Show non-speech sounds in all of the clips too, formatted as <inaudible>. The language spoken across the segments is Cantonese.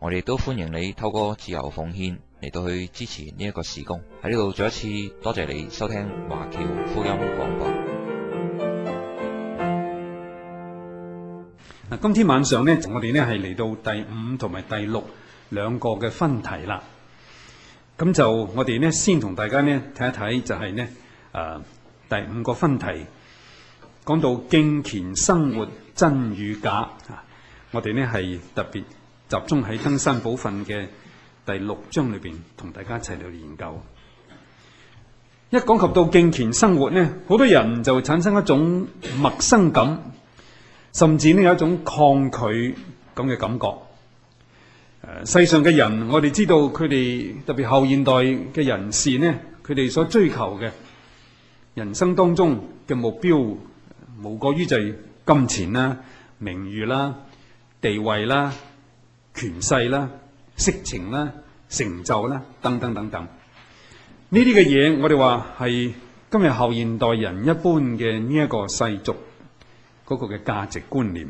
我哋都歡迎你透過自由奉獻嚟到去支持呢一個事工喺呢度。再一次多謝你收聽華僑福音廣播。嗱，今天晚上呢，我哋呢係嚟到第五同埋第六兩個嘅分題啦。咁就我哋呢先同大家呢睇一睇，就是，就係呢誒第五個分題，講到敬虔生活真與假啊。我哋呢係特別。集中喺登山寶訓嘅第六章裏邊同大家一齊去研究。一講及到敬虔生活呢，好多人就會產生一種陌生感，甚至呢有一種抗拒咁嘅感覺。誒、呃，世上嘅人，我哋知道佢哋特別後現代嘅人士呢，佢哋所追求嘅人生當中嘅目標，無過於就係金錢啦、名譽啦、地位啦。權勢啦、色情啦、成就啦，等等等等，呢啲嘅嘢，我哋話係今日後現代人一般嘅呢一個世俗嗰個嘅價值觀念。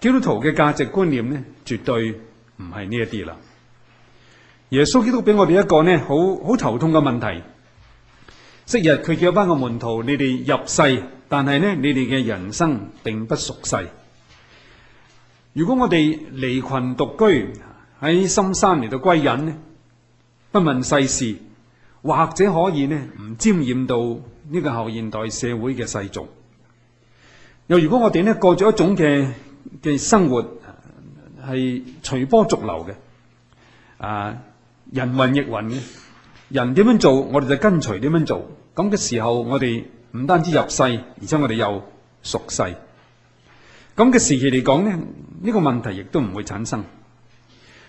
基督徒嘅價值觀念咧，絕對唔係呢一啲啦。耶穌基督俾我哋一個呢好好頭痛嘅問題。昔日佢叫翻個門徒，你哋入世，但係呢，你哋嘅人生並不屬世。如果我哋離群獨居喺深山嚟到歸隱咧，不問世事，或者可以咧唔沾染到呢個後現代社會嘅世俗。又如果我哋咧過咗一種嘅嘅生活係隨波逐流嘅，啊人云亦云嘅，人點樣做我哋就跟隨點樣做，咁嘅時候我哋唔單止入世，而且我哋又熟世。咁嘅時期嚟講呢，呢個問題亦都唔會產生。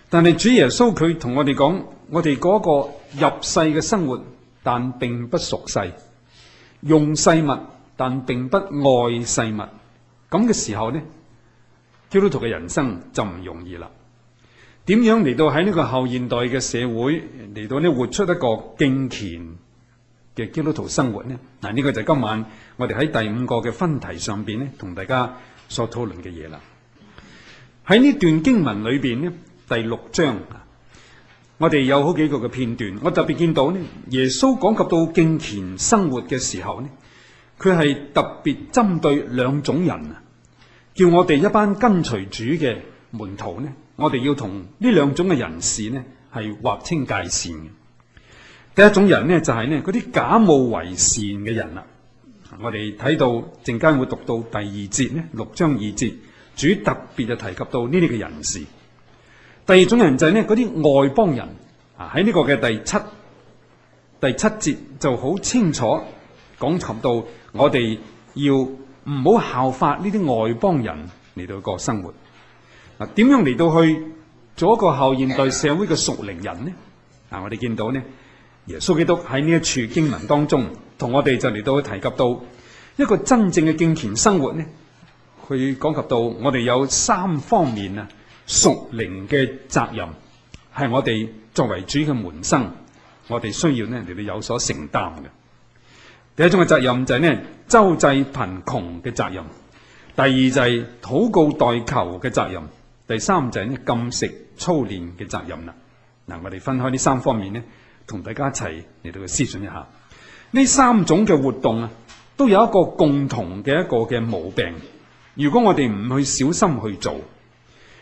但係主耶穌佢同我哋講，我哋嗰個入世嘅生活，但並不屬世，用世物，但並不愛世物。咁嘅時候呢基督徒嘅人生就唔容易啦。點樣嚟到喺呢個後現代嘅社會嚟到呢活出一個敬虔嘅基督徒生活呢？嗱，呢個就係今晚我哋喺第五個嘅分題上面咧，同大家。所討論嘅嘢啦，喺呢段經文裏邊咧，第六章，我哋有好幾個嘅片段。我特別見到咧，耶穌講及到敬虔生活嘅時候咧，佢係特別針對兩種人啊，叫我哋一班跟隨主嘅門徒咧，我哋要同呢兩種嘅人士咧係劃清界線嘅。第一種人呢，就係咧嗰啲假冒為善嘅人啦。我哋睇到陣間會讀到第二節呢，六章二節，主特別就提及到呢啲嘅人士。第二種人就係嗰啲外邦人啊，喺呢個嘅第七第七節就好清楚講及到我哋要唔好效法呢啲外邦人嚟到個生活。嗱，點樣嚟到去做一個後現代社會嘅屬靈人呢？嗱，我哋見到呢。耶穌基督喺呢一處經文當中，同我哋就嚟到提及到一個真正嘅敬虔生活呢，佢講及到我哋有三方面啊，屬靈嘅責任係我哋作為主嘅門生，我哋需要呢嚟到有所承擔嘅。第一種嘅責任就係呢周濟貧窮嘅責任，第二就係禱告代求嘅責任，第三就係禁食操練嘅責任啦。嗱、啊，我哋分開呢三方面呢。同大家一齊嚟到去思想一下呢三種嘅活動啊，都有一個共同嘅一個嘅毛病。如果我哋唔去小心去做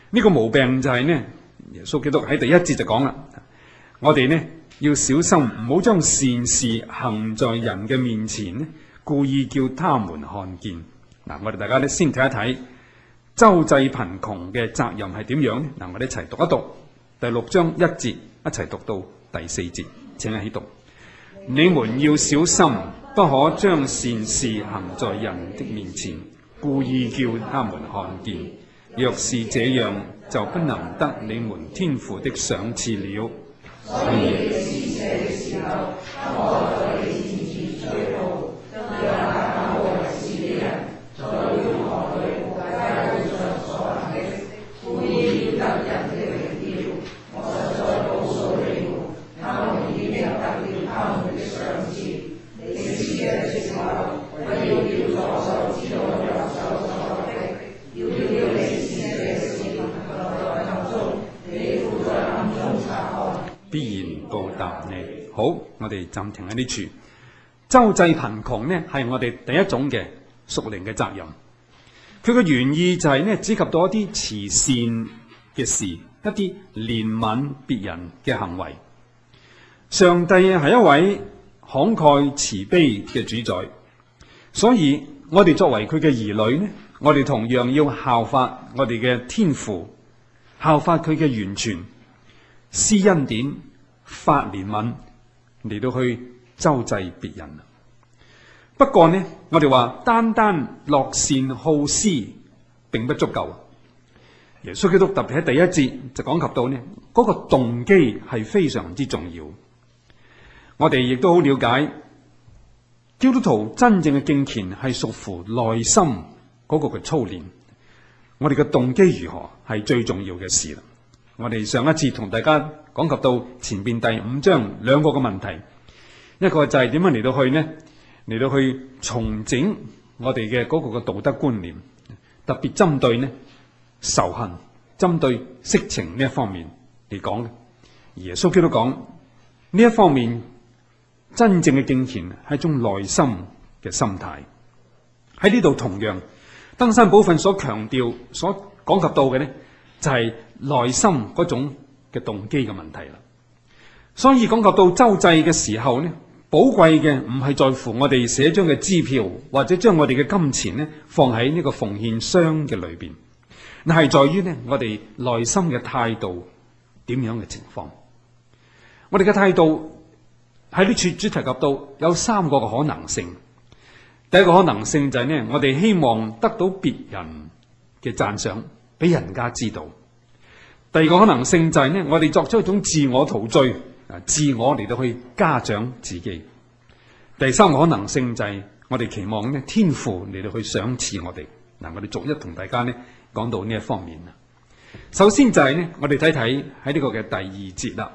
呢個毛病，就係呢。耶穌基督喺第一節就講啦，我哋呢要小心，唔好將善事行在人嘅面前，故意叫他們看見嗱。我哋大家咧先睇一睇周濟貧窮嘅責任係點樣，嗱，我哋一齊讀一讀第六章一節，一齊讀到。第四節，請你喺度，你們要小心，不可將善事行在人的面前，故意叫他們看見。若是這樣，就不能得你們天父的賞賜了。以我哋暫停喺呢處。周濟貧窮呢係我哋第一種嘅屬靈嘅責任。佢嘅原意就係呢，指涉到一啲慈善嘅事，一啲憐憫別人嘅行為。上帝係一位慷慨慈悲嘅主宰，所以我哋作為佢嘅兒女咧，我哋同樣要效法我哋嘅天父，效法佢嘅完全施恩典，發憐憫。嚟到去周濟別人。不過呢，我哋話單單樂善好施，並不足夠。耶穌基督特別喺第一節就講及到呢，嗰個動機係非常之重要。我哋亦都好了解，基督徒真正嘅敬虔係屬乎內心嗰個嘅操練。我哋嘅動機如何係最重要嘅事啦。我哋上一次同大家。講及到前邊第五章兩個嘅問題，一個就係點樣嚟到去呢？嚟到去重整我哋嘅嗰個嘅道德觀念，特別針對呢仇恨、針對色情呢一方面嚟講。耶穌基督講呢一方面真正嘅敬虔係一種內心嘅心態。喺呢度同樣登山寶訓所強調、所講及到嘅呢，就係內心嗰種。嘅動機嘅問題啦，所以講及到周濟嘅時候呢，寶貴嘅唔係在乎我哋寫張嘅支票，或者將我哋嘅金錢呢放喺呢個奉獻箱嘅裏面。而係在於呢，我哋內心嘅態度點樣嘅情況。我哋嘅態度喺呢處主題及到有三個嘅可能性。第一個可能性就係呢：我哋希望得到別人嘅讚賞，俾人家知道。第二個可能性就係呢，我哋作出一種自我陶醉啊，自我嚟到去嘉獎自己。第三個可能性就係，我哋期望天父嚟到去賞賜我哋。嗱，我哋逐一同大家呢講到呢一方面啦。首先就係呢我哋睇睇喺呢個嘅第二節啦。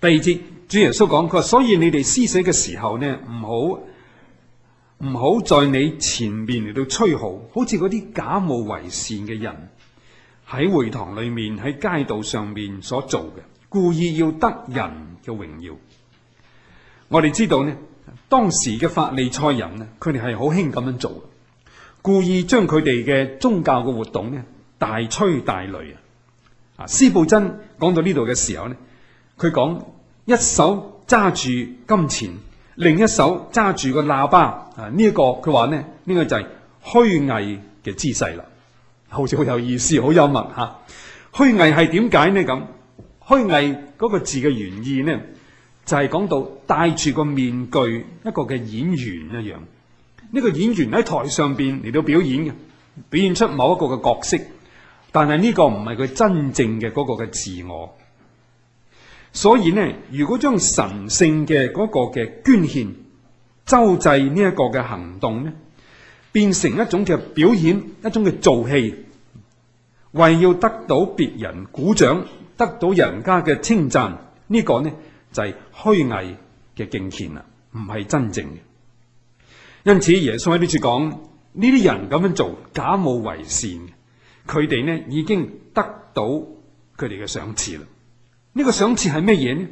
第二節，主耶穌講佢話，所以你哋施捨嘅時候呢，唔好唔好在你前面嚟到吹號，好似嗰啲假冒為善嘅人，喺會堂裏面，喺街道上面所做嘅，故意要得人嘅榮耀。我哋知道呢，當時嘅法利賽人咧，佢哋係好興咁樣做嘅，故意將佢哋嘅宗教嘅活動呢大吹大擂啊！啊，施布真講到呢度嘅時候呢，佢講一手揸住金錢，另一手揸住個喇叭啊！這個、他說呢一個佢話呢，呢個就係虛偽嘅姿勢啦。好似好有意思，好幽默嚇。虛偽係點解呢？咁虛偽嗰個字嘅原意呢，就係、是、講到戴住個面具，一個嘅演員一樣。呢、這個演員喺台上邊嚟到表演嘅，表現出某一個嘅角色，但係呢個唔係佢真正嘅嗰個嘅自我。所以呢，如果將神聖嘅嗰個嘅捐獻、周濟呢一個嘅行動呢，變成一種嘅表演，一種嘅做戲，為要得到別人鼓掌，得到人家嘅稱讚，呢、這個呢就係虛偽嘅敬虔啦，唔係真正嘅。因此耶在這，耶穌喺呢處講呢啲人咁樣做，假冒為善，佢哋呢已經得到佢哋嘅賞賜啦。呢、這個賞賜係咩嘢呢？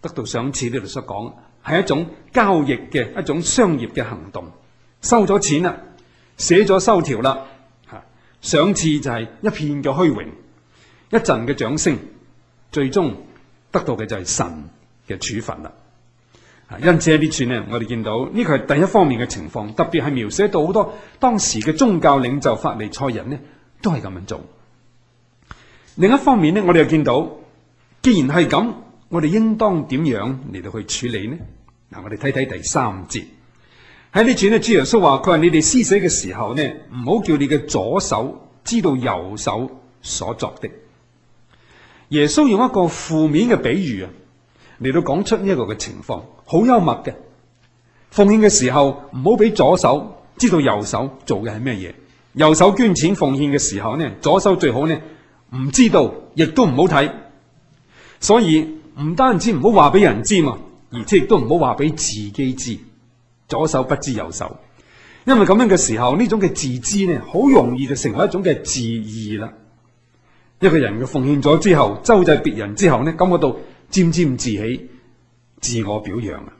得到賞賜，呢度所講係一種交易嘅一種商業嘅行動。收咗錢啦，寫咗收條啦，吓，賞賜就係一片嘅虛榮，一陣嘅掌聲，最終得到嘅就係神嘅處罰啦。啊，因此喺呢處呢，我哋見到呢個係第一方面嘅情況，特別係描寫到好多當時嘅宗教領袖法利賽人呢，都係咁樣做。另一方面呢，我哋又見到，既然係咁，我哋應當點樣嚟到去處理呢？嗱，我哋睇睇第三節。喺呢轉咧，主耶穌話，佢話你哋施捨嘅時候呢，唔好叫你嘅左手知道右手所作的。耶穌用一個負面嘅比喻啊，嚟到講出呢一個嘅情況，好幽默嘅。奉獻嘅時候唔好俾左手知道右手做嘅係咩嘢，右手捐錢奉獻嘅時候呢，左手最好呢唔知道，亦都唔好睇。所以唔單止唔好話俾人知嘛，而且亦都唔好話俾自己知。左手不知右手，因為咁樣嘅時候，呢種嘅自知呢，好容易就成為一種嘅自義啦。一個人嘅奉獻咗之後，周濟別人之後呢，感覺到沾沾自喜，自我表揚啊。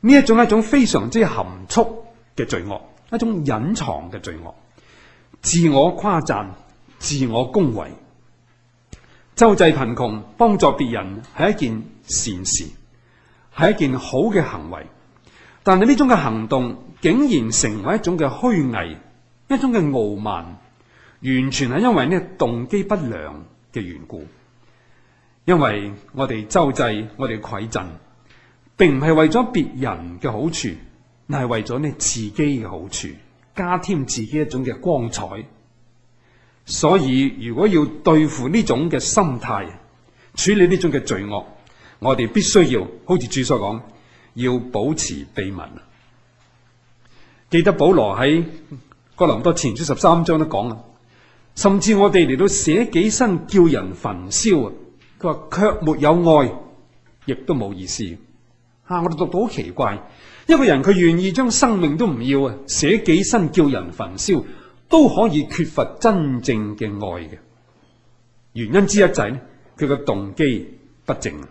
呢一種係一種非常之含蓄嘅罪惡，一種隱藏嘅罪惡，自我誇讚、自我恭維，周濟貧窮、幫助別人係一件善事，係一件好嘅行為。但係呢種嘅行動，竟然成為一種嘅虛偽，一種嘅傲慢，完全係因為呢個動機不良嘅緣故。因為我哋周濟我哋饋贈，並唔係為咗別人嘅好處，乃係為咗呢自己嘅好處，加添自己的一種嘅光彩。所以如果要對付呢種嘅心態，處理呢種嘅罪惡，我哋必須要好似主所講。要保持秘密啊！記得保羅喺哥林多前書十三章都講啦，甚至我哋嚟到捨己身叫人焚燒啊，佢話卻沒有愛，亦都冇意思吓。我哋讀到好奇怪，一個人佢願意將生命都唔要啊，捨己身叫人焚燒，都可以缺乏真正嘅愛嘅原因之一就係佢嘅動機不正啊。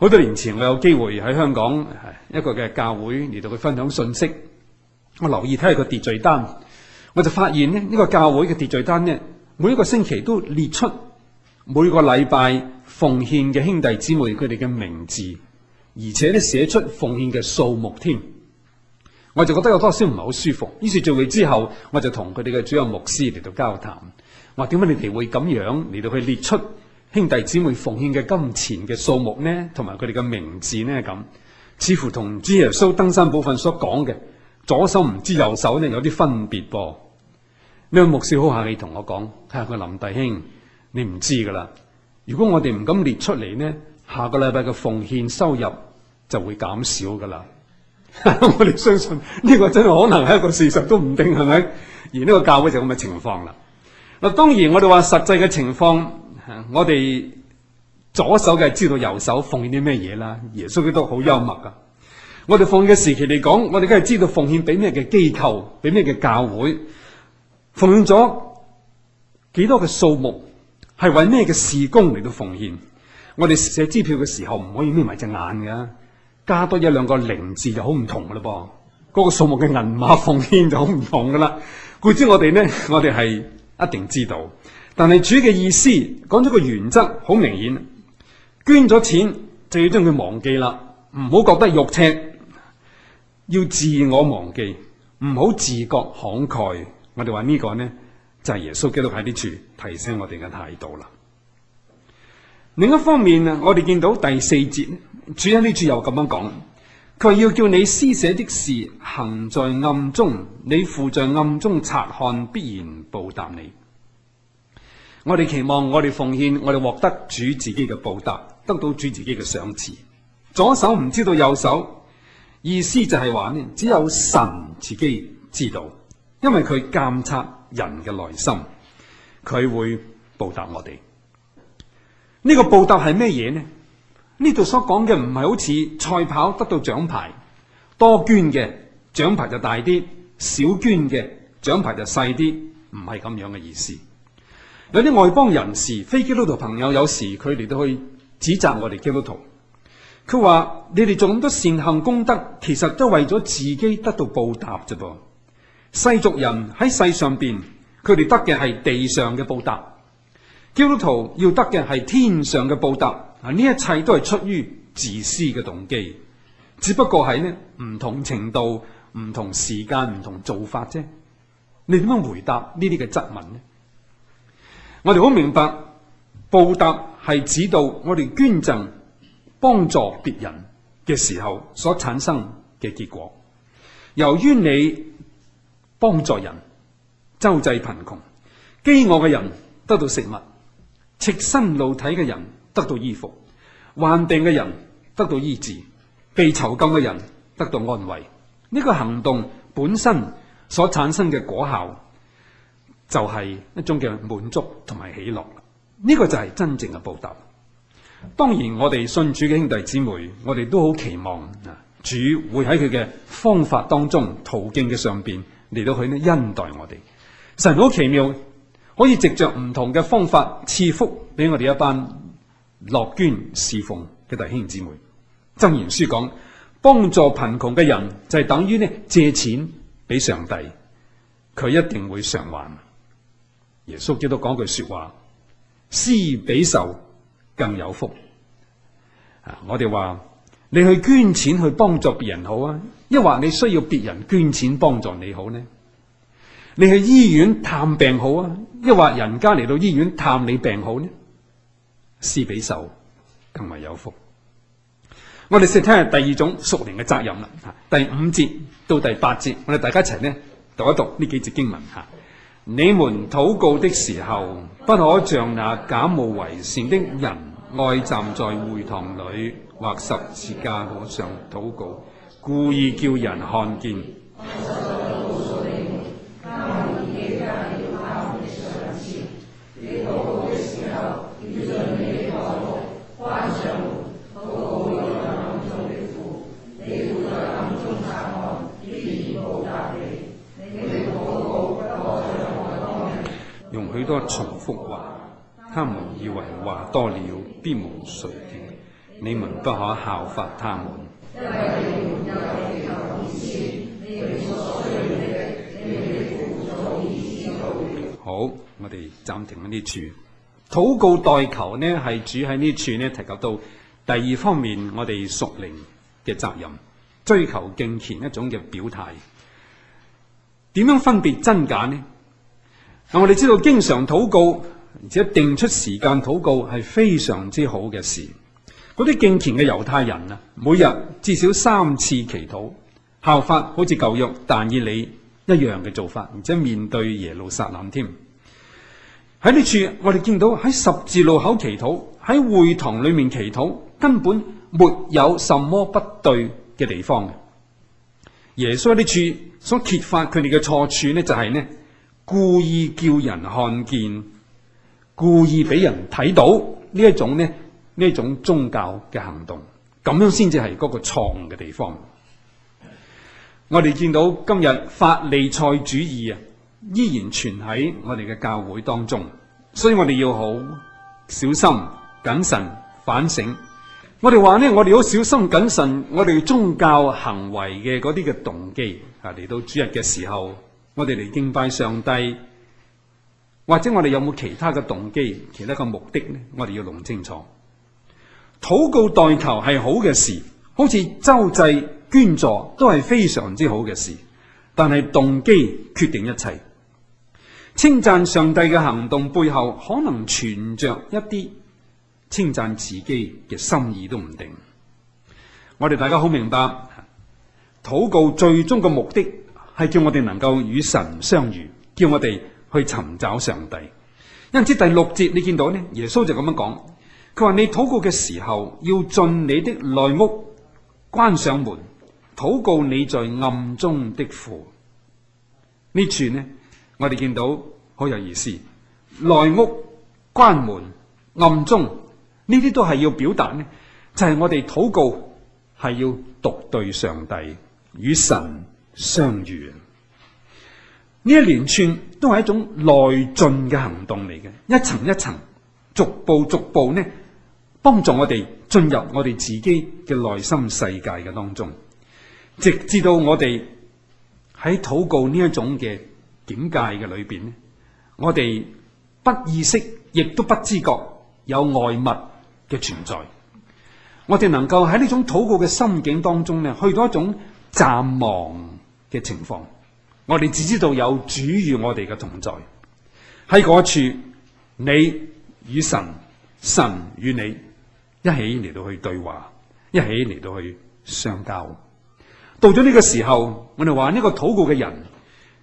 好多年前，我有機會喺香港一個嘅教會嚟到去分享信息。我留意睇下個秩序單，我就發現呢呢個教會嘅秩序單呢，每一個星期都列出每個禮拜奉獻嘅兄弟姊妹佢哋嘅名字，而且咧寫出奉獻嘅數目添。我就覺得有多少唔係好舒服，於是聚會之後，我就同佢哋嘅主任牧師嚟到交談，話點解你哋會咁樣嚟到去列出？兄弟姊妹奉獻嘅金錢嘅數目呢，同埋佢哋嘅名字呢,咁似乎同主耶穌登山寶訓所講嘅左手唔知右手呢，有啲分別噃。呢個牧師好客氣同我講，睇下個林弟兄，你唔知噶啦。如果我哋唔敢列出嚟呢，下個禮拜嘅奉獻收入就會減少噶啦。 <laughs> 我哋相信呢個真係可能係一個事實都，都唔定係咪？而呢個教會就咁嘅情況啦。嗱，當然我哋話實際嘅情況。我哋左手嘅知道右手奉獻啲咩嘢啦，耶穌佢都好幽默噶、啊。我哋奉獻嘅時期嚟講，我哋梗係知道奉獻俾咩嘅機構，俾咩嘅教會奉獻咗幾多嘅數目，係為咩嘅事工嚟到奉獻。我哋寫支票嘅時候唔可以眯埋隻眼噶，加多一兩個零字就好唔同噶啦噃。嗰個數目嘅銀碼奉獻就好唔同噶啦。故知我哋呢，我哋係一定知道。但係主嘅意思講咗個原則好明顯，捐咗錢就要將佢忘記啦，唔好覺得肉赤，要自我忘記，唔好自覺慷慨。我哋話呢個呢，就係耶穌基督喺呢處提醒我哋嘅態度啦。另一方面啊，我哋見到第四節，主喺呢處又咁樣講，佢話要叫你施捨的事行在暗中，你父在暗中察看，必然報答你。我哋期望我哋奉獻，我哋獲得主自己嘅報答，得到主自己嘅賞賜。左手唔知道右手，意思就係話呢，只有神自己知道，因為佢監察人嘅內心，佢會報答我哋。呢個報答係咩嘢呢？呢度所講嘅唔係好似賽跑得到獎牌，多捐嘅獎牌就大啲，少捐嘅獎牌就細啲，唔係咁樣嘅意思。有啲外邦人士、非基督徒朋友，有時佢哋都去指責我哋基督徒。佢話，你哋做咁多善行功德，其實都為咗自己得到報答啫噃。世俗人喺世上邊，佢哋得嘅係地上嘅報答；基督徒要得嘅係天上嘅報答。啊，呢一切都係出於自私嘅動機，只不過係呢唔同程度、唔同時間、唔同做法啫。你點樣回答呢啲嘅質問呢？我哋好明白報答係指到我哋捐贈幫助別人嘅時候所產生嘅結果。由於你幫助人，周濟貧窮、飢餓嘅人得到食物，赤身露體嘅人得到衣服，患病嘅人得到醫治，被囚禁嘅人得到安慰。呢個行動本身所產生嘅果效。就係一種嘅滿足同埋喜樂，呢個就係真正嘅報答。當然，我哋信主嘅兄弟姊妹，我哋都好期望啊，主會喺佢嘅方法當中、途徑嘅上面嚟到佢呢。恩待我哋。神好奇妙，可以藉着唔同嘅方法賜福俾我哋一班樂捐侍奉嘅弟兄姊妹。箴言書講，幫助貧窮嘅人就係等於借錢俾上帝，佢一定會償還。耶穌基督講句說話：施比受更有福。啊！我哋話你去捐錢去幫助別人好啊，抑或你需要別人捐錢幫助你好呢？你去醫院探病好啊，抑或人家嚟到醫院探你病好呢？施比受更為有福。我哋試聽下第二種屬靈嘅責任啦。吓，第五節到第八節，我哋大家一齊呢讀一讀呢幾節經文吓。你們禱告的時候，不可像那假冒為善的人，愛站在會堂裏或十字架上禱告，故意叫人看見。 <laughs> 多重複話，他們以為話多了必蒙垂聽，你們不可效法他們。的的的好，我哋暫停喺呢處。禱告代求呢，係主喺呢處呢，提及到第二方面，我哋屬靈嘅責任，追求敬虔一種嘅表態。點樣分別真假呢？嗱，我哋知道經常禱告，而且定出時間禱告係非常之好嘅事。嗰啲敬虔嘅猶太人啊，每日至少三次祈禱，效法好似舊約但以理一樣嘅做法，而且面對耶路撒冷添。喺呢處我哋見到喺十字路口祈禱，喺會堂裏面祈禱，根本沒有什麼不對嘅地方。耶穌喺呢處所揭發佢哋嘅錯處呢、就是，就係呢。故意叫人看見，故意俾人睇到呢一種呢呢一種宗教嘅行動，咁樣先至係嗰個錯誤嘅地方。我哋見到今日法利賽主義啊，依然存喺我哋嘅教會當中，所以我哋要好小心謹慎反省。我哋話呢，我哋要小心謹慎我哋宗教行為嘅嗰啲嘅動機啊，嚟到主日嘅時候。我哋嚟敬拜上帝，或者我哋有冇其他嘅動機、其他嘅目的呢，我哋要弄清楚。禱告代求係好嘅事，好似周濟捐助都係非常之好嘅事，但係動機決定一切。稱讚上帝嘅行動背後，可能存着一啲稱讚自己嘅心意都唔定。我哋大家好明白，禱告最終嘅目的。係叫我哋能夠與神相遇，叫我哋去尋找上帝。因此第六節你見到呢，耶穌就咁樣講，佢話你禱告嘅時候要進你的內屋，關上門，禱告你在暗中的父。呢處呢，我哋見到好有意思，內屋、關門、暗中，呢啲都係要表達呢，就係、是、我哋禱告係要獨對上帝與神。相遇呢一連串都係一種內進嘅行動嚟嘅，一層一層，逐步逐步呢，幫助我哋進入我哋自己嘅內心世界嘅當中，直至到我哋喺禱告呢一種嘅境界嘅裏邊呢，我哋不意識亦都不知覺有外物嘅存在，我哋能夠喺呢種禱告嘅心境當中呢，去到一種暫忘。嘅情況，我哋只知道有主與我哋嘅同在，喺嗰處，你與神，神與你一起嚟到去對話，一起嚟到去相交。到咗呢個時候，我哋話呢個禱告嘅人，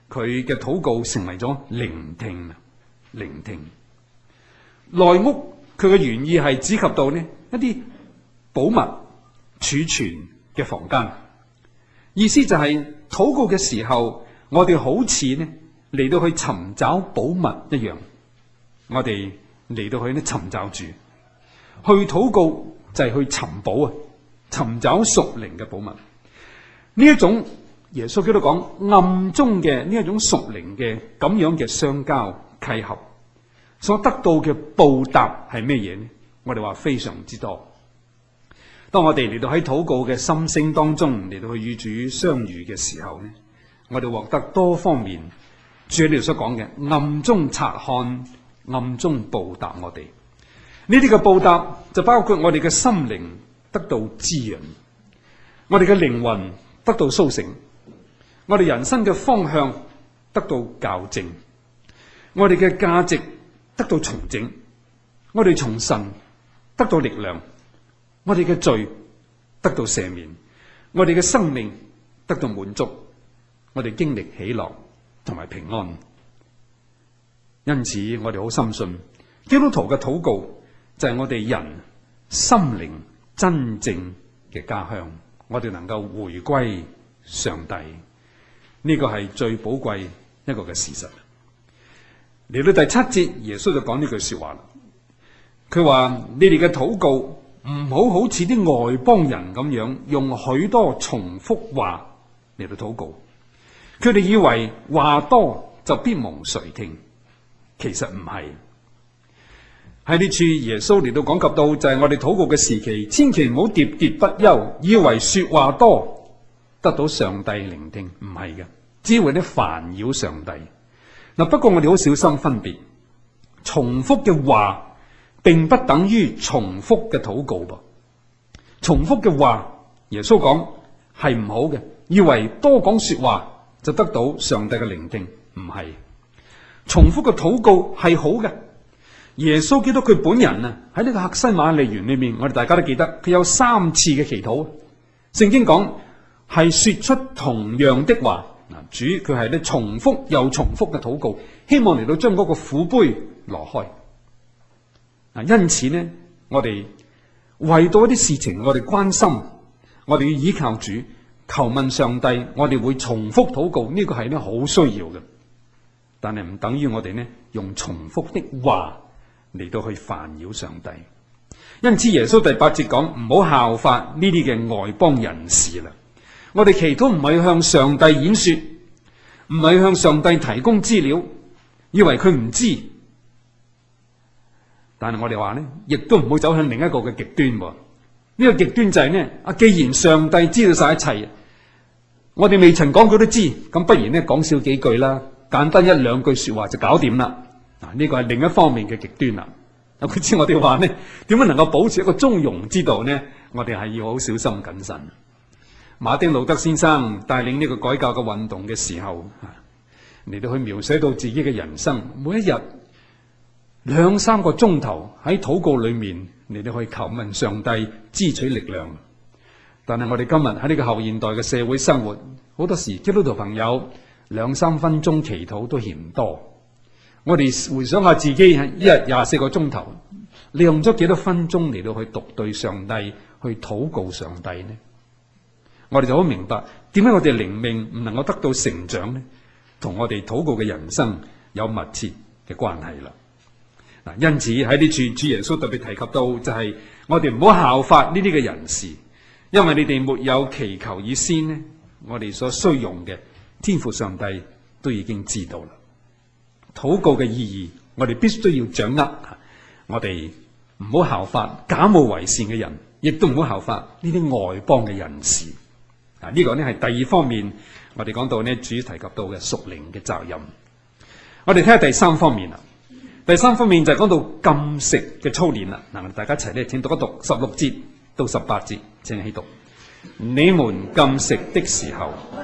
佢嘅禱告成為咗聆聽，聆聽。內屋佢嘅原意係指及到呢一啲寶物儲存嘅房間。意思就係、是、禱告嘅時候，我哋好似咧嚟到去尋找寶物一樣，我哋嚟到去尋尋找主，去禱告就係去尋寶啊，尋找屬靈嘅寶物。呢一種耶穌基督講暗中嘅呢一種屬靈嘅咁樣嘅相交契合，所得到嘅報答係咩嘢呢？我哋話非常之多。當我哋嚟到喺禱告嘅心聲當中嚟到去與主相遇嘅時候呢，我哋獲得多方面。主你所講嘅暗中察看，暗中報答我哋。呢啲嘅報答就包括我哋嘅心靈得到滋潤，我哋嘅靈魂得到蘇醒，我哋人生嘅方向得到校正，我哋嘅價值得到重整，我哋從神得到力量。我哋嘅罪得到赦免，我哋嘅生命得到滿足，我哋經歷喜樂同埋平安。因此，我哋好深信，基督徒嘅禱告就係我哋人心靈真正嘅家鄉。我哋能夠回歸上帝，呢個係最寶貴一個嘅事實。嚟到第七節，耶穌就講呢句說話啦。佢話：你哋嘅禱告。唔好好似啲外邦人咁樣，用許多重複話嚟到禱告，佢哋以為話多就必蒙垂聽，其實唔係。喺呢處耶穌嚟到講及到就係、是、我哋禱告嘅時期，千祈唔好喋喋不休，以為說話多得到上帝聆聽，唔係嘅，只會啲煩擾上帝。嗱，不過我哋好小心分別重複嘅話。並不等於重複嘅禱告噃，重複嘅話，耶穌講係唔好嘅，以為多講說話就得到上帝嘅聆聽，唔係。重複嘅禱告係好嘅。耶穌基督佢本人啊喺呢個客西馬尼園裏面，我哋大家都記得佢有三次嘅祈禱。聖經講係說出同樣的話，嗱，主佢係咧重複又重複嘅禱告，希望嚟到將嗰個苦杯攞開。因此呢，我哋為到一啲事情，我哋關心，我哋要依靠主，求問上帝，我哋會重複禱告，呢個係咧好需要嘅。但係唔等於我哋咧用重複的話嚟到去煩擾上帝。因此耶穌第八節講，唔好效法呢啲嘅外邦人士啦。我哋祈禱唔係向上帝演說，唔係向上帝提供資料，以為佢唔知。但係我哋話呢，亦都唔會走向另一個嘅極端喎。呢個極端就係呢：既然上帝知道晒一切，我哋未曾講，佢都知。咁不如呢講少幾句啦，簡單一兩句說話就搞掂啦。嗱，呢個係另一方面嘅極端啦。啊，佢知我哋話呢，點樣能夠保持一個中庸之道呢？我哋係要好小心謹慎。馬丁路德先生帶領呢個改革嘅運動嘅時候，嚟到去描寫到自己嘅人生，每一日。兩三個鐘頭喺禱告裏面，你哋可以求問上帝支取力量。但係我哋今日喺呢個後現代嘅社會生活，好多時基督徒朋友兩三分鐘祈禱都嫌多。我哋回想下自己，一日廿四個鐘頭，利用咗幾多分鐘嚟到去獨對上帝、去禱告上帝呢？我哋就好明白，點解我哋靈命唔能夠得到成長呢？同我哋禱告嘅人生有密切嘅關係啦。因此喺呢處主主耶穌特別提及到，就係我哋唔好效法呢啲嘅人士，因為你哋沒有祈求以先咧，我哋所需用嘅天父上帝都已經知道啦。禱告嘅意義，我哋必須要掌握。我哋唔好效法假冒為善嘅人，亦都唔好效法呢啲外邦嘅人士。呢個咧係第二方面，我哋講到咧主提及到嘅屬靈嘅責任。我哋睇下第三方面啦第三方面就係講到禁食嘅操練啦，嗱，大家一齊咧，請讀一讀十六節到十八節，請喺度。你們禁食的時候， <noise>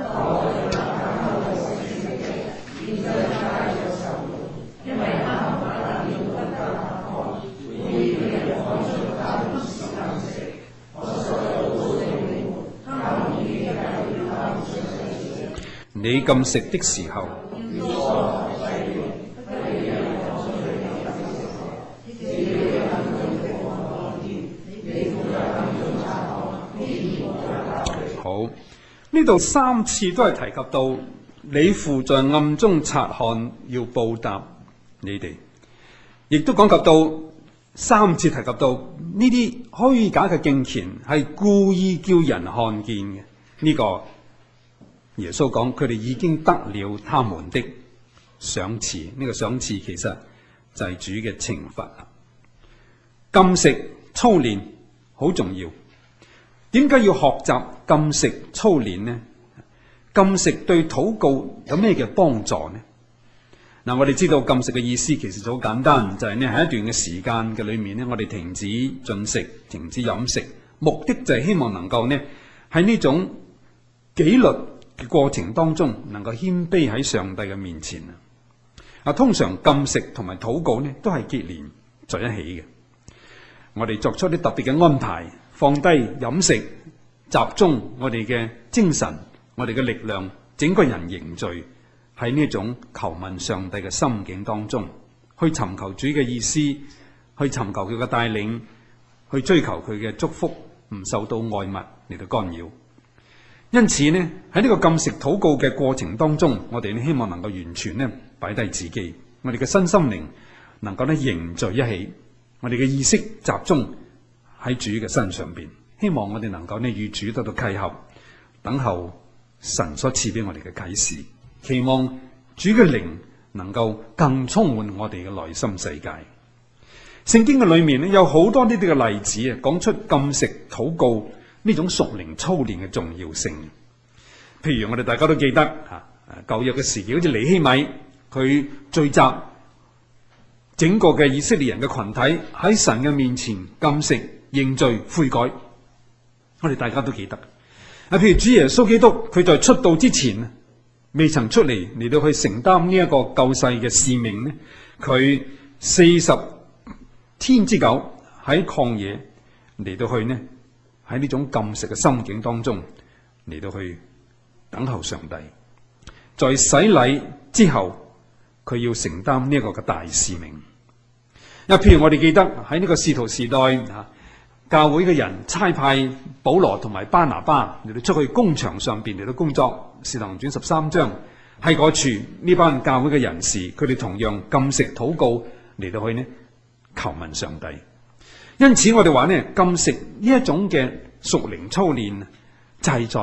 你禁食的時候。呢度三次都係提及到你父在暗中察看，要報答你哋，亦都講及到三次提及到呢啲虛假嘅敬虔，係故意叫人看見嘅。呢個耶穌講，佢哋已經得了他們的賞賜。呢個賞賜其實就係主嘅懲罰啦。禁食、操練好重要。點解要學習禁食操練呢？禁食對禱告有咩嘅幫助呢？嗱，我哋知道禁食嘅意思，其實就好簡單，就係呢：喺一段嘅時間嘅裏面呢，我哋停止進食、停止飲食，目的就係希望能夠呢，喺呢種紀律嘅過程當中，能夠謙卑喺上帝嘅面前啊！啊，通常禁食同埋禱告呢，都係結連在一起嘅，我哋作出啲特別嘅安排。放低飲食，集中我哋嘅精神，我哋嘅力量，整個人凝聚喺呢種求問上帝嘅心境當中，去尋求主嘅意思，去尋求佢嘅帶領，去追求佢嘅祝福，唔受到外物嚟到干擾。因此呢，喺呢個禁食禱告嘅過程當中，我哋呢希望能夠完全呢擺低自己，我哋嘅新心靈能夠咧凝聚一起，我哋嘅意識集中。喺主嘅身上邊，希望我哋能夠呢與主得到契合，等候神所賜俾我哋嘅啟示，期望主嘅靈能夠更充滿我哋嘅內心世界。聖經嘅裏面呢有好多呢啲嘅例子啊，講出禁食、禱告呢種屬靈操練嘅重要性。譬如我哋大家都記得啊，舊約嘅時期，好似尼希米，佢聚集整個嘅以色列人嘅群體喺神嘅面前禁食，認罪悔改，我哋大家都記得啊。譬如主耶穌基督，佢在出道之前未曾出嚟嚟到去承擔呢一個救世嘅使命咧。佢四十天之久喺曠野嚟到去呢，喺呢種禁食嘅心境當中嚟到去等候上帝。在洗禮之後，佢要承擔呢一個嘅大使命。啊，譬如我哋記得喺呢個使徒時代教會嘅人差派保羅同埋巴拿巴嚟到出去工場上邊嚟到工作。使徒傳十三章喺嗰處，呢班教會嘅人士，佢哋同樣禁食禱告嚟到去呢，求問上帝。因此我哋話呢，禁食呢一種嘅屬靈操練就係、是、在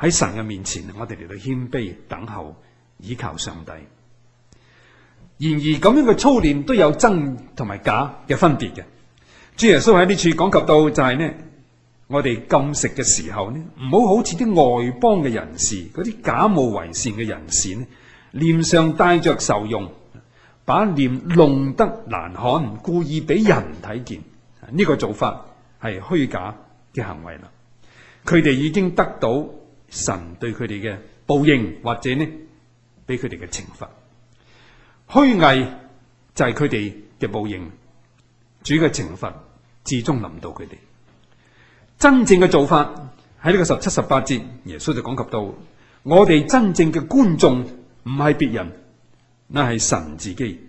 喺神嘅面前，我哋嚟到謙卑等候，倚靠上帝。然而咁樣嘅操練都有真同埋假嘅分別嘅。主耶穌喺呢處講及到就係呢：「我哋禁食嘅時候呢唔好好似啲外邦嘅人士，嗰啲假冒為善嘅人士呢臉上帶着愁容，把臉弄得難看，故意俾人睇見」，呢個做法係虛假嘅行為啦。佢哋已經得到神對佢哋嘅報應，或者呢俾佢哋嘅懲罰。虛偽就係佢哋嘅報應。主嘅懲罰，至終臨到佢哋。真正嘅做法喺呢個十七十八節，耶穌就講及到：我哋真正嘅觀眾唔係別人，那係神自己。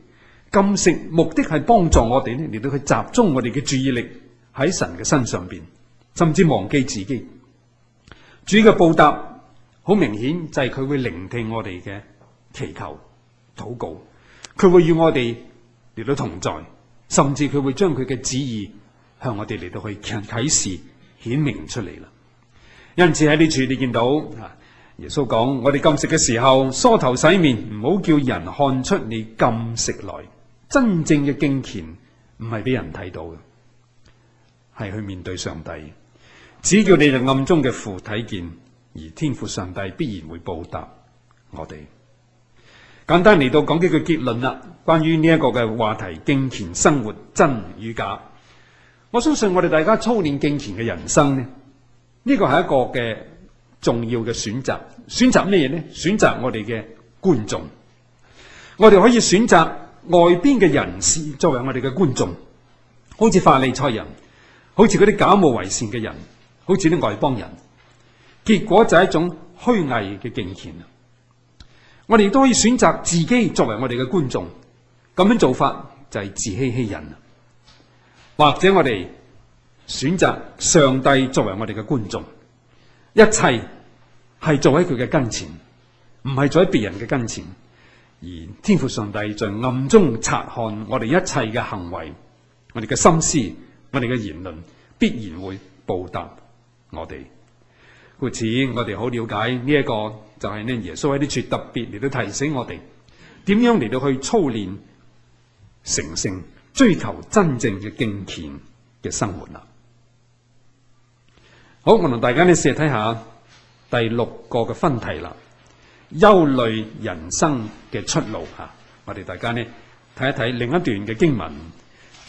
禁食目的係幫助我哋嚟到去集中我哋嘅注意力喺神嘅身上邊，甚至忘記自己。主嘅報答好明顯，就係佢會聆聽我哋嘅祈求禱告，佢會與我哋嚟到同在。甚至佢會將佢嘅旨意向我哋嚟到去啟示顯明出嚟啦。因此喺呢處你見到，耶穌講：我哋禁食嘅時候梳頭洗面，唔好叫人看出你禁食來。真正嘅敬虔唔係俾人睇到嘅，係去面對上帝。只叫你哋暗中嘅父體見，而天父上帝必然會報答我哋。簡單嚟到講幾句結論啦，關於呢一個嘅話題，敬虔生活真與假。我相信我哋大家操練敬虔嘅人生呢，呢個係一個嘅重要嘅選擇。選擇咩嘢呢？選擇我哋嘅觀眾。我哋可以選擇外邊嘅人士作為我哋嘅觀眾，好似法利賽人，好似嗰啲假冒為善嘅人，好似啲外邦人。結果就係一種虛偽嘅敬虔。我哋都可以選擇自己作為我哋嘅觀眾，咁樣做法就係自欺欺人。或者我哋選擇上帝作為我哋嘅觀眾，一切係做喺佢嘅跟前，唔係做喺別人嘅跟前。而天父上帝在暗中察看我哋一切嘅行為、我哋嘅心思、我哋嘅言論，必然會報答我哋。故此，我哋好了解呢一個。就係呢，耶穌喺呢處特別嚟到提醒我哋，點樣嚟到去操練成聖，追求真正嘅敬虔嘅生活啦。好，我同大家呢試睇下第六個嘅分題啦。憂慮人生嘅出路吓，我哋大家呢睇一睇另一段嘅經文，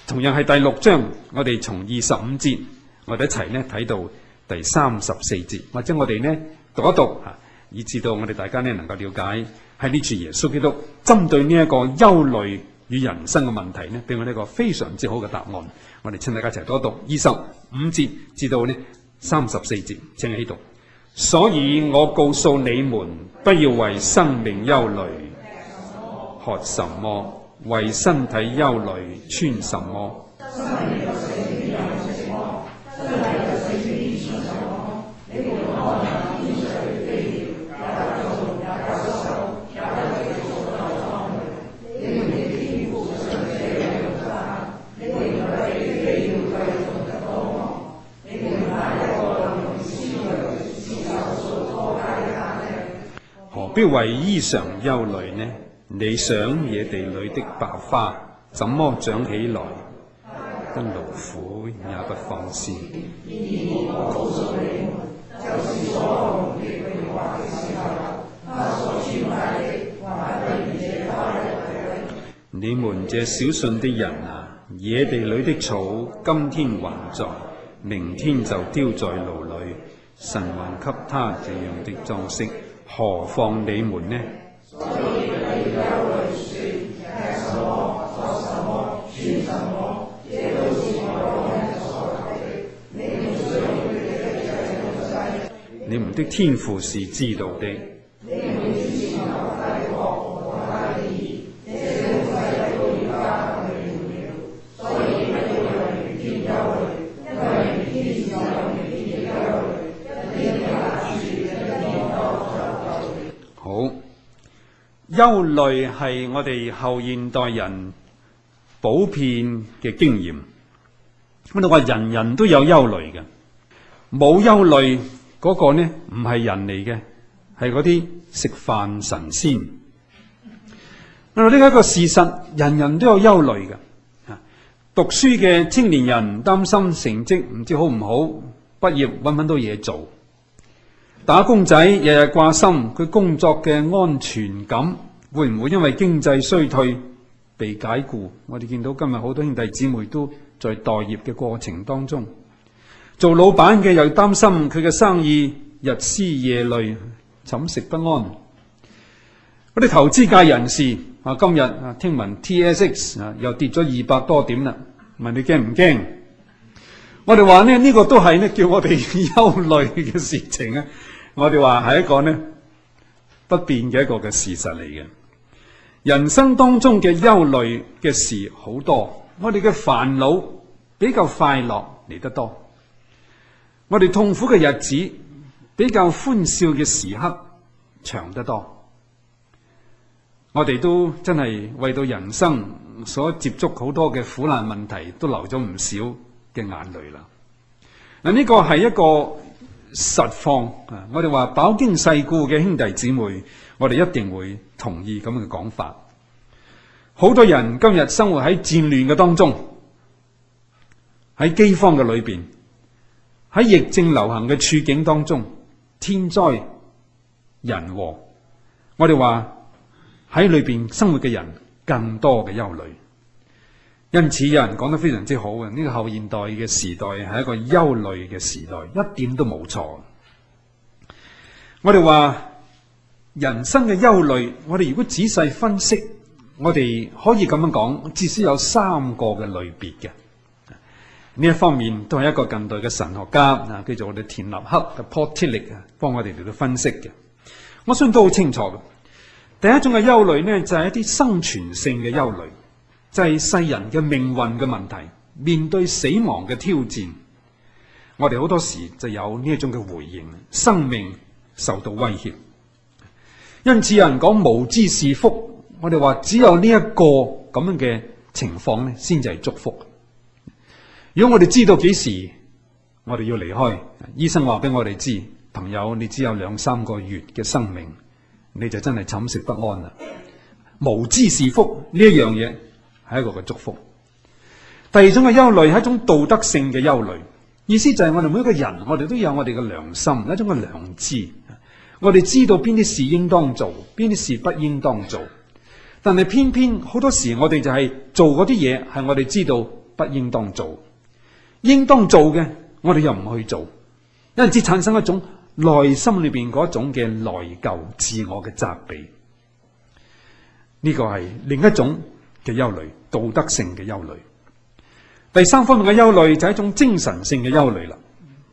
同樣係第六章，我哋從二十五節，我哋一齊呢睇到第三十四節，或者我哋呢讀一讀吓。以至到我哋大家呢，能夠了解喺呢次呢處耶穌基督針對呢一個憂慮與人生嘅問題呢，俾我一個非常之好嘅答案。我哋請大家一齊多讀，二十五節至到呢三十四節，請喺度。所以我告訴你們，不要為生命憂慮，喝什麼？為身體憂慮，穿什麼？必為衣裳憂慮呢？你想野地裏的白花怎麼長起來？也不勞苦，也不紡線。天天就是、們，你們這小信的人啊，野地裏的草今天還在，明天就丟在爐裏。神還給他這樣的裝飾。何況你們呢？你們的天父是知道的。憂慮係我哋後現代人普遍嘅經驗。咁你話人人都有憂慮嘅，冇憂慮嗰個呢唔係人嚟嘅？係嗰啲食飯神仙。咁呢一個事實，人人都有憂慮嘅。讀書嘅青年人擔心成績唔知好唔好，畢業搵唔到嘢做。打工仔日日掛心佢工作嘅安全感，會唔會因為經濟衰退被解雇？我哋見到今日好多兄弟姊妹都在待業嘅過程當中，做老闆嘅又擔心佢嘅生意日思夜慮，寢食不安。我哋投資界人士啊，今日啊聽聞 TSX 啊又跌咗二百多點啦，問你驚唔驚？我哋話呢，呢、呢個都係叫我哋憂慮嘅事情啊！我哋話係一個呢，不變嘅一個嘅事實嚟嘅。人生當中嘅憂慮嘅事好多，我哋嘅煩惱比較快樂嚟得多。我哋痛苦嘅日子比較歡笑嘅時刻長得多。我哋都真係為到人生所接觸好多嘅苦難問題，都流咗唔少嘅眼淚啦。嗱，呢個係一個實況啊！我哋話飽經世故嘅兄弟姊妹，我哋一定會同意咁嘅講法。好多人今日生活喺戰亂嘅當中，喺饑荒嘅裏邊，喺疫症流行嘅處境當中，天災人禍，我哋話喺裏邊生活嘅人更多嘅憂慮。因此有人講得非常之好嘅，呢個後現代嘅時代係一個憂慮嘅時代，一點都冇錯。我哋話人生嘅憂慮，我哋如果仔細分析，我哋可以咁樣講，至少有三個嘅類別嘅。呢一方面都係一個近代嘅神學家啊，叫做我哋田立克嘅 Paul Tillich 啊，幫我哋嚟到分析嘅。我相信都好清楚嘅，第一種嘅憂慮呢，就係一啲生存性嘅憂慮。就係世人嘅命運嘅問題，面對死亡嘅挑戰，我哋好多時就有呢一種嘅回應。生命受到威脅，因此有人講無知是福。我哋話只有呢一個咁樣嘅情況咧，先至係祝福。如果我哋知道幾時我哋要離開，醫生話俾我哋知，朋友你只有兩三個月嘅生命，你就真係寢食不安啦。無知是福呢一樣嘢。係一個嘅祝福。第二種嘅憂慮係一種道德性嘅憂慮，意思就係我哋每一個人，我哋都有我哋嘅良心，一種嘅良知。我哋知道邊啲事應當做，邊啲事不應當做。但係偏偏好多時，我哋就係做嗰啲嘢係我哋知道不應當做，應當做嘅我哋又唔去做，因此產生一種內心裏邊嗰種嘅內疚、自我嘅責備。呢個係另一種嘅憂慮，道德性嘅憂慮；第三方面嘅憂慮就係一種精神性嘅憂慮啦，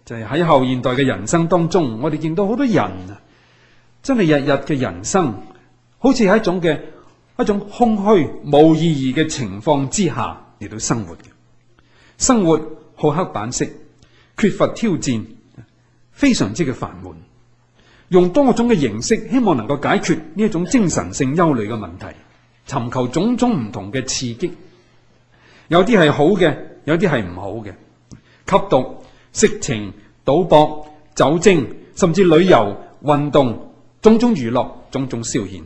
就係喺後現代嘅人生當中，我哋見到好多人啊，真係日日嘅人生好似係一種嘅一種空虛、冇意義嘅情況之下嚟到生活嘅，生活好刻板式，缺乏挑戰，非常之嘅煩悶，用多種嘅形式希望能夠解決呢一種精神性憂慮嘅問題。尋求種種唔同嘅刺激，有啲係好嘅，有啲係唔好嘅，吸毒、色情、賭博、酒精，甚至旅遊、運動，種種娛樂，種種消遣。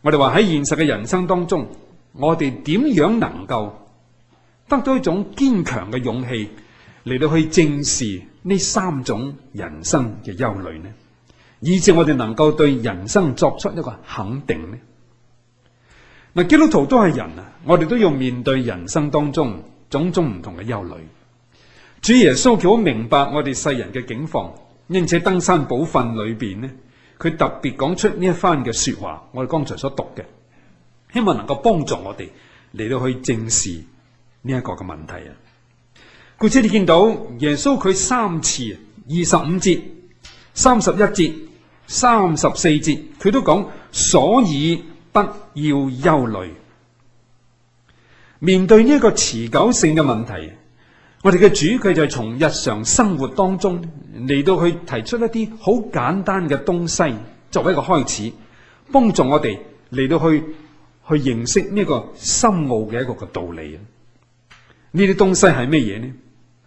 我哋話喺現實嘅人生當中，我哋點樣能夠得到一種堅強嘅勇氣嚟到去正視呢三種人生嘅憂慮呢？以致我哋能夠對人生作出一個肯定呢？嗱，基督徒都係人啊，我哋都要面對人生當中種種唔同嘅憂慮。主耶穌佢好明白我哋世人嘅境況，因此登山寶訓裏邊咧，佢特別講出呢一番嘅說話，我哋剛才所讀嘅，希望能夠幫助我哋嚟到去正視呢一個嘅問題啊。故此你見到耶穌佢三次，二十五節、三十一節、三十四節，佢都講，所以。不要憂慮。面對呢一個持久性嘅問題，我哋嘅主佢就從日常生活當中嚟到去提出一啲好簡單嘅東西，作為一個開始，幫助我哋嚟到去去認識呢個深奧嘅一個嘅道理。呢啲東西係咩嘢呢？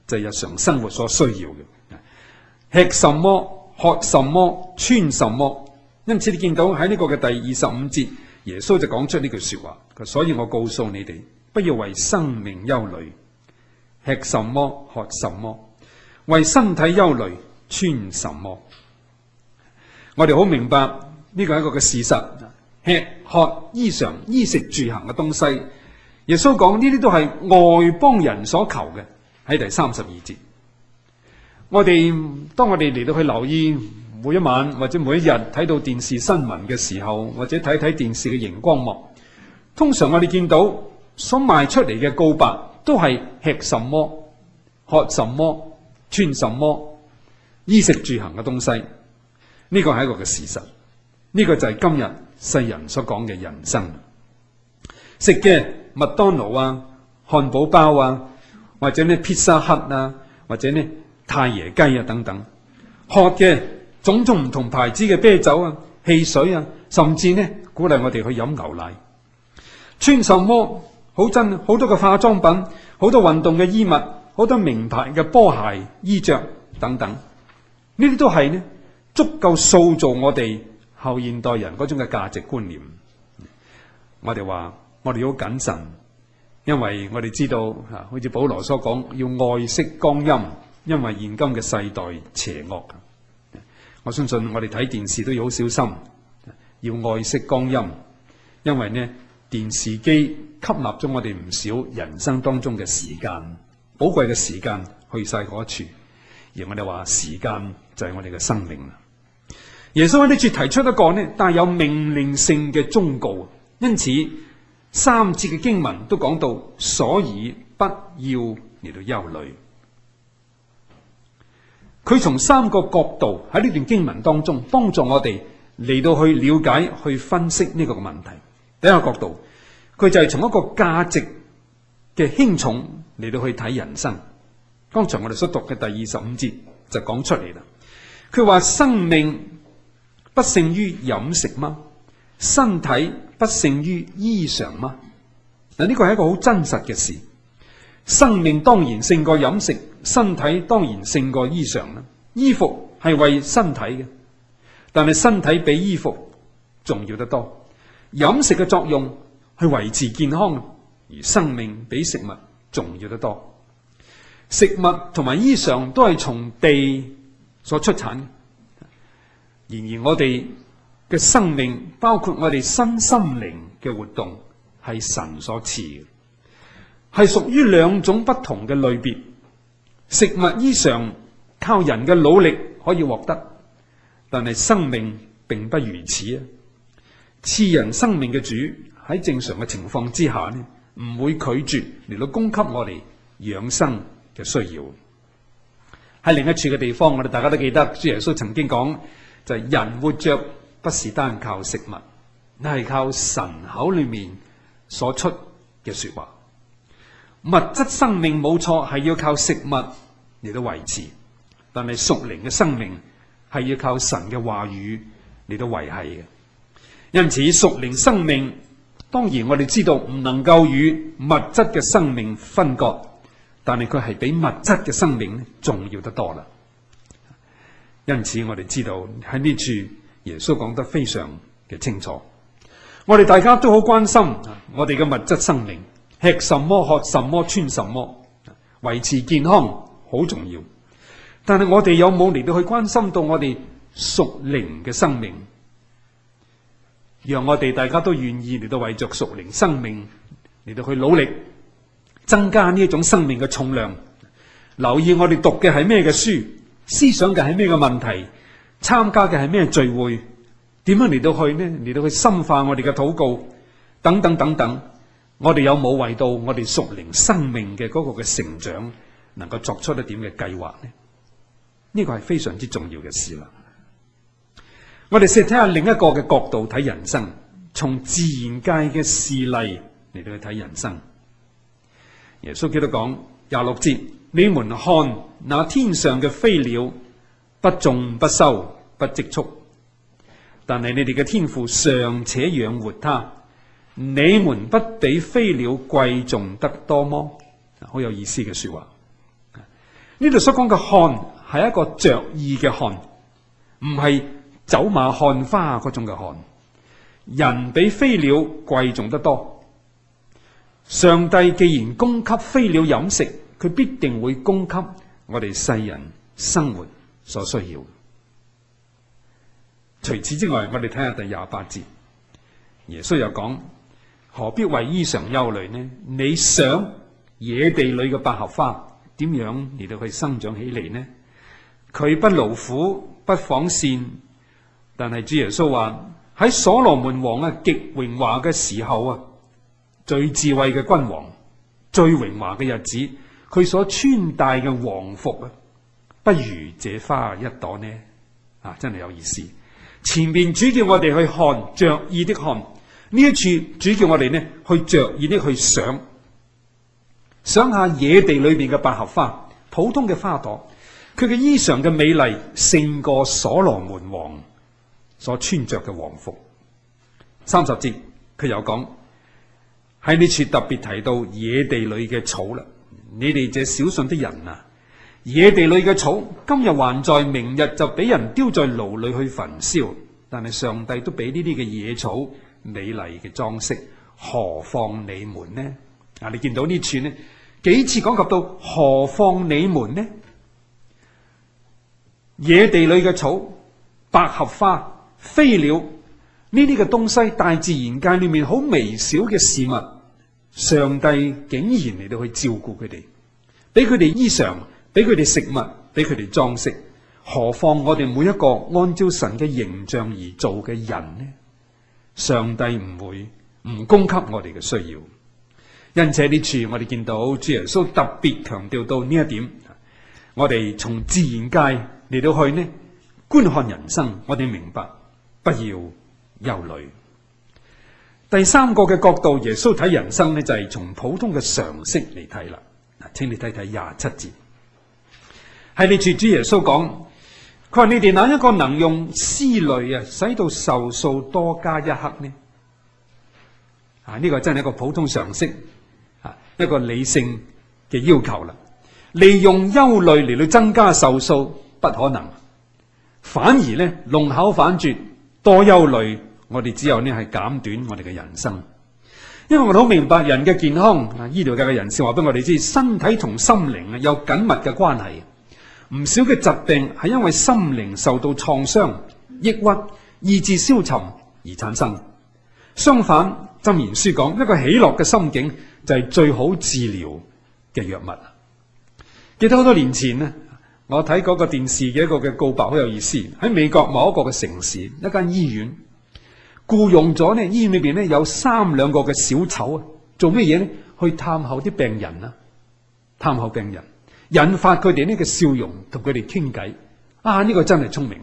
就係日常生活所需要嘅，吃什麼、喝什麼、穿什麼。因此你見到喺呢個嘅第二十五節。耶穌就講出呢句說話，所以我告訴你哋，不要為生命憂慮，吃什麼，喝什麼，為身體憂慮，穿什麼。我哋好明白呢個係一個嘅事實，吃、喝、衣裳、衣食住行嘅東西，耶穌講呢啲都係外邦人所求嘅。喺第三十二節，我哋當我哋嚟到去留意。每一晚或者每一日睇到電視新聞嘅時候，或者睇睇電視嘅熒光幕，通常我哋見到所賣出嚟嘅告白都係吃什麼、喝什麼、穿什麼、衣食住行嘅東西。呢、這個，係一個嘅事實，呢、這個就係今日世人所講嘅人生。食嘅麥當勞啊、漢堡包啊，或者呢 Pizza Hut 啊，或者呢太爺雞啊等等。喝嘅。種種唔同牌子嘅啤酒啊、汽水啊，甚至呢鼓勵我哋去飲牛奶、穿什麼好真好多嘅化妝品、好多運動嘅衣物、好多名牌嘅波鞋、衣着等等，呢啲都係呢，足夠塑造我哋後現代人嗰種嘅價值觀念。我哋話我哋要謹慎，因為我哋知道吓，好似保羅所講，要愛惜光陰，因為現今嘅世代邪惡。我相信我哋睇電視都要好小心，要愛惜光陰，因為呢電視機吸納咗我哋唔少人生當中嘅時間，寶貴嘅時間去晒嗰一處，而我哋話時間就係我哋嘅生命啦。耶穌喺呢處提出一個呢帶有命令性嘅忠告，因此三節嘅經文都講到，所以不要嚟到憂慮。佢從三個角度喺呢段經文當中幫助我哋嚟到去了解、去分析呢個問題。第一個角度，佢就係從一個價值嘅輕重嚟到去睇人生。剛才我哋所讀嘅第二十五節就講出嚟啦。佢話：生命不勝於飲食嗎？身體不勝於衣裳嗎？嗱，呢個係一個好真實嘅事。生命當然勝過飲食，身體當然勝過衣裳啦。衣服係為身體嘅，但係身體比衣服重要得多。飲食嘅作用係維持健康，而生命比食物重要得多。食物同埋衣裳都係從地所出產。然而，我哋嘅生命包括我哋身心靈嘅活動，係神所賜嘅。係屬於兩種不同嘅類別，食物衣裳靠人嘅努力可以獲得，但係生命並不如此啊。賜人生命嘅主喺正常嘅情況之下咧，唔會拒絕嚟到供給我哋養生嘅需要。喺另一處嘅地方，我哋大家都記得，主耶穌曾經講，就係人活着不是單靠食物，但係靠神口裏面所出嘅說話。物質生命冇錯，係要靠食物嚟到維持，但係屬靈嘅生命係要靠神嘅話語嚟到維繫嘅。因此，屬靈生命當然我哋知道唔能夠與物質嘅生命分割，但係佢係比物質嘅生命重要得多啦。因此，我哋知道喺呢處耶穌講得非常嘅清楚。我哋大家都好關心我哋嘅物質生命。吃什麼、喝什麼、穿什麼，維持健康好重要。但係我哋有冇嚟到去關心到我哋屬靈嘅生命？讓我哋大家都願意嚟到為着屬靈生命嚟到去努力，增加呢一種生命嘅重量。留意我哋讀嘅係咩嘅書，思想嘅係咩嘅問題，參加嘅係咩聚會，點樣嚟到去呢？嚟到去深化我哋嘅禱告，等等等等。我哋有冇為到我哋屬靈生命嘅嗰個嘅成長，能夠作出一點嘅計劃呢？呢、呢個係非常之重要嘅事啦。我哋試睇下另一個嘅角度睇人生，從自然界嘅事例嚟到去睇人生。耶穌基督講廿六節：你們看那天上嘅飛鳥，不種不收，不積蓄，但係你哋嘅天父尚且養活他。」你們不比飛鳥貴重得多麼？好有意思嘅說話。呢度所講嘅看係一個着意嘅看，唔係走馬看花嗰種嘅看。人比飛鳥貴重得多。上帝既然供給飛鳥飲食，佢必定會供給我哋世人生活所需要。除此之外，我哋睇下第廿八節，耶穌又講。何必為衣裳憂慮呢？你想野地裏嘅百合花點樣嚟到佢生長起嚟呢？佢不勞苦，不紡線。但係主耶穌話喺所羅門王啊極榮華嘅時候啊，最智慧嘅君王、最榮華嘅日子，佢所穿戴嘅王服啊，不如這花一朵呢？啊，真係有意思。前面主叫我哋去看，着意的看。呢一處主叫我哋呢去着意啲去想，想下野地裏邊嘅百合花，普通嘅花朵，佢嘅衣裳嘅美麗勝過所羅門王所穿着嘅王服。三十節佢又講，喺呢處特別提到野地裏嘅草啦，你哋這小信的人啊，野地裏嘅草今日還在，明日就俾人丟在爐裏去焚燒，但係上帝都俾呢啲嘅野草美麗嘅裝飾，何況你們呢？你見到呢處呢？幾次講及到何況你們呢？野地裏嘅草、百合花、飛鳥呢啲嘅東西，大自然界裏面好微小嘅事物，上帝竟然嚟到去照顧佢哋，俾佢哋衣裳，俾佢哋食物，俾佢哋裝飾。何況我哋每一個按照神嘅形象而造嘅人呢？上帝唔會唔供給我哋嘅需要，因此呢處我哋見到主耶穌特別強調到呢一點。我哋從自然界嚟到去呢，觀看人生，我哋明白不要憂慮。第三個嘅角度，耶穌睇人生呢就係、是、從普通嘅常識嚟睇啦。請你睇睇廿七節，係呢處主耶穌講。佢話：你哋哪一個能用思慮啊，使到壽數多加一刻呢？啊，呢個真係一個普通常識，啊，一個理性嘅要求啦。利用憂慮嚟到增加壽數不可能，反而咧弄巧反拙，多憂慮，我哋只有呢係減短我哋嘅人生。因為我哋好明白人嘅健康啊，醫療界嘅人士話俾我哋知，身體同心靈啊有緊密嘅關係。唔少嘅疾病係因為心靈受到創傷、抑鬱、意志消沉而產生。相反，箴言書講一個喜樂嘅心境就係最好治療嘅藥物。記得好多年前我睇嗰個電視嘅一個嘅告白好有意思。喺美國某一個嘅城市，一間醫院僱用咗呢，醫院裏邊咧有三兩個嘅小丑啊，做咩嘢？去探候啲病人啊，探候病人。引發佢哋呢個笑容，同佢哋傾偈。啊，呢個真係聰明，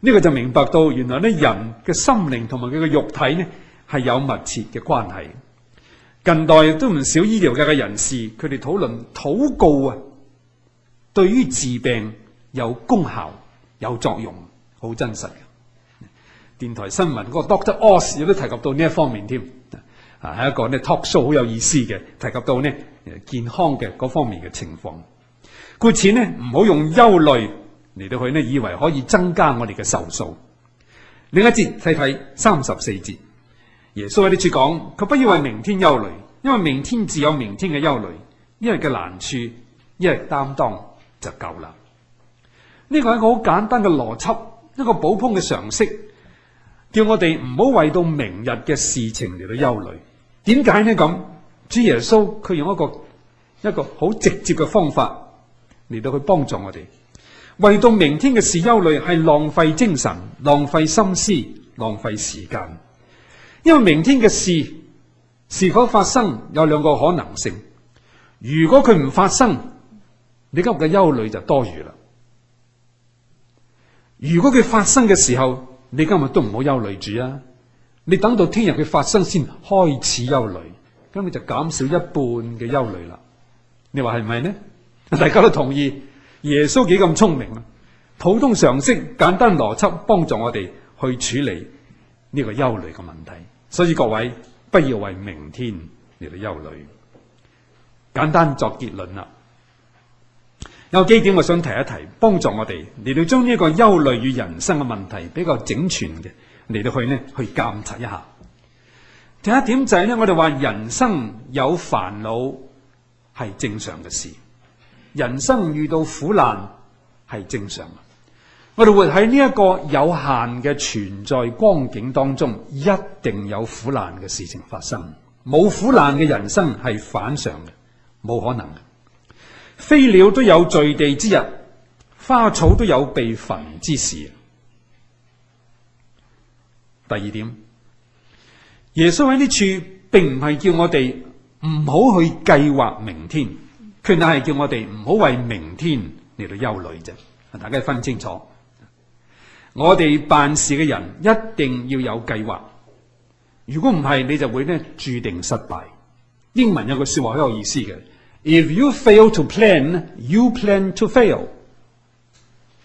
呢個就明白到原來咧人嘅心靈同埋佢嘅肉體呢係有密切嘅關係。近代都唔少醫療界嘅人士，佢哋討論禱告啊，對於治病有功效，有作用，好真實嘅。電台新聞嗰個 Doctor Oz 亦都提及到呢一方面添，啊係一個呢 Talk Show 好有意思嘅，提及到呢健康嘅嗰方面嘅情況。故此呢，唔好用憂慮嚟到去呢，以為可以增加我哋嘅壽數。另一節睇睇三十四節，耶穌喺呢處講，佢不要為明天憂慮，因為明天自有明天嘅憂慮。一日嘅難處，一日擔當就夠啦。呢個係一個好簡單嘅邏輯，一個普通嘅常識，叫我哋唔好為到明日嘅事情嚟到憂慮。點解呢？咁主耶穌佢用一個一個好直接嘅方法。嚟到去幫助我哋，為到明天嘅事憂慮係浪費精神、浪費心思、浪費時間。因為明天嘅事是否發生有兩個可能性，如果佢唔發生，你今日嘅憂慮就多餘啦。如果佢發生嘅時候，你今日都唔好憂慮住啊！你等到聽日佢發生先開始憂慮，咁你就減少一半嘅憂慮啦。你話係咪呢？大家都同意，耶穌幾咁聰明啊，普通常識、簡單邏輯幫助我哋去處理呢個憂慮嘅問題。所以各位不要為明天嚟到憂慮。簡單作結論啦。有幾點我想提一提，幫助我哋嚟到將呢個憂慮與人生嘅問題比較整全嘅嚟到去呢，去監察一下。第一點就係呢，我哋話人生有煩惱係正常嘅事。人生遇到苦難係正常嘅，我哋活喺呢一個有限嘅存在光景當中，一定有苦難嘅事情發生。冇苦難嘅人生係反常嘅，冇可能嘅。飛鳥都有墜地之日，花草都有被焚之時。第二點，耶穌喺呢處並唔係叫我哋唔好去計劃明天。佢乃係叫我哋唔好為明天嚟到憂慮啫，大家分清楚。我哋辦事嘅人一定要有計劃，如果唔係，你就會注定失敗。英文有句說話好有意思嘅，If you fail to plan, you plan to fail。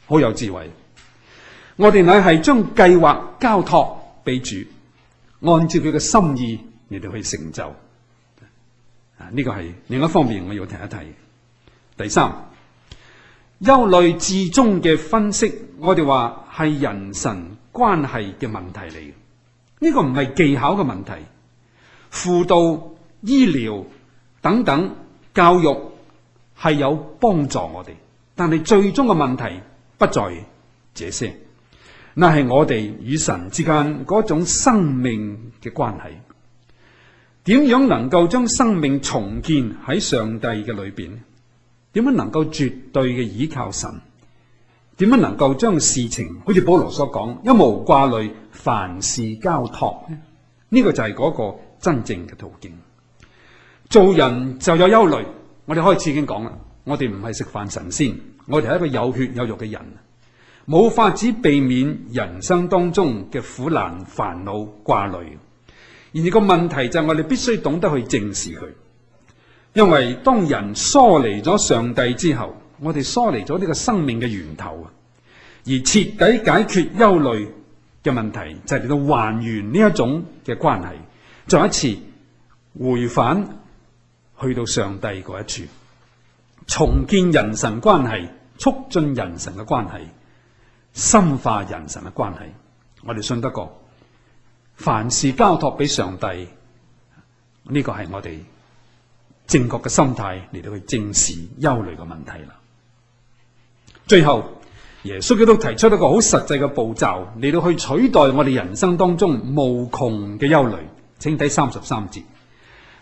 好有智慧。我哋乃係將計劃交託俾主，按照佢嘅心意嚟到去成就。呢個係另一方面，我要提一提。第三，憂慮至終嘅分析，我哋話係人神關係嘅問題嚟。呢、這個唔係技巧嘅問題，輔導、醫療等等教育，係有幫助我哋，但係最終嘅問題不在這些，那係我哋與神之間嗰種生命嘅關係。點樣能夠將生命重建喺上帝嘅裏邊？點樣能夠絕對嘅依靠神？點樣能夠將事情好似保羅所講，一無掛慮，凡事交託呢？呢個就係嗰個真正嘅途徑。做人就有憂慮，我哋開始已經講啦。我哋唔係食飯神仙，我哋係一個有血有肉嘅人，冇法子避免人生當中嘅苦難、煩惱、掛慮。而呢個問題就係我哋必須懂得去正視佢，因為當人疏離咗上帝之後，我哋疏離咗呢個生命嘅源頭啊！而徹底解決憂慮嘅問題，就係嚟到還原呢一種嘅關係，再一次回返去到上帝嗰一處，重建人神關係，促進人神嘅關係，深化人神嘅關係，我哋信得過。凡事交託俾上帝，呢、這個係我哋正確嘅心態嚟到去正視憂慮嘅問題啦。最後，耶穌亦都提出一個好實際嘅步驟嚟到去取代我哋人生當中無窮嘅憂慮。請睇三十三節，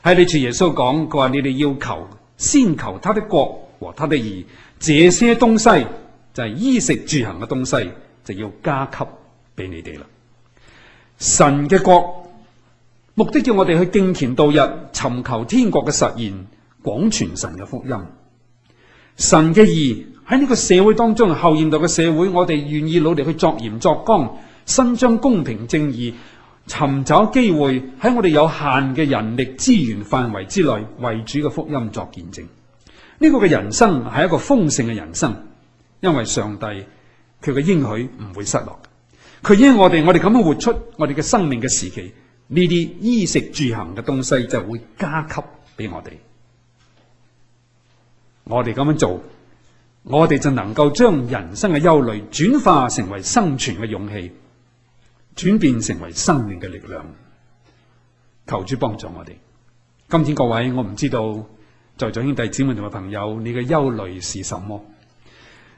喺呢處耶穌講，佢話你哋要求，先求他的國和他的義，這些東西就係、是、衣食住行嘅東西，就要加給俾你哋啦。神嘅國，目的叫我哋去敬虔度日，尋求天國嘅實現，廣傳神嘅福音。神嘅義喺呢個社會當中，後現代嘅社會，我哋願意努力去作鹽作光，伸張公平正義，尋找機會喺我哋有限嘅人力資源範圍之內，為主嘅福音作見證。呢個嘅人生係一個豐盛嘅人生，因為上帝佢嘅應許唔會失落。佢因我哋，我哋咁樣活出我哋嘅生命嘅時期，呢啲衣食住行嘅東西就會加給俾我哋。我哋咁樣做，我哋就能夠將人生嘅憂慮轉化成為生存嘅勇氣，轉變成為生命嘅力量。求主幫助我哋。今天各位，我唔知道在座兄弟姊妹同埋朋友，你嘅憂慮是什麼？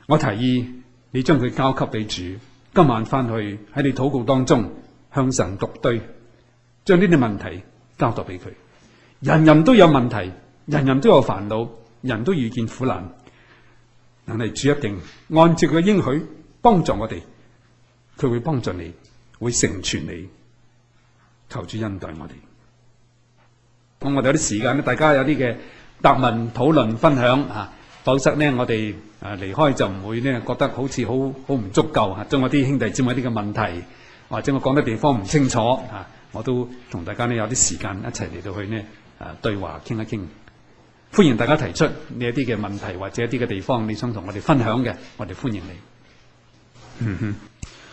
我提議你將佢交給俾主。今晚翻去喺你禱告當中向神獨對，將呢啲問題交託俾佢。人人都有問題，人人都有煩惱，人都遇見苦難。但係主一定按照佢嘅應許幫助我哋，佢會幫助你，會成全你。求主恩待我哋。咁我哋有啲時間咧，大家有啲嘅答問、討論、分享啊，否則呢我哋。誒離、啊、開就唔會咧覺得好似好好唔足夠嚇，將我啲兄弟姊妹啲嘅問題，或者我講嘅地方唔清楚嚇、啊，我都同大家呢有啲時間一齊嚟到去呢誒、啊、對話傾一傾。歡迎大家提出呢一啲嘅問題或者一啲嘅地方，你想同我哋分享嘅，我哋歡迎你。嗯哼、嗯，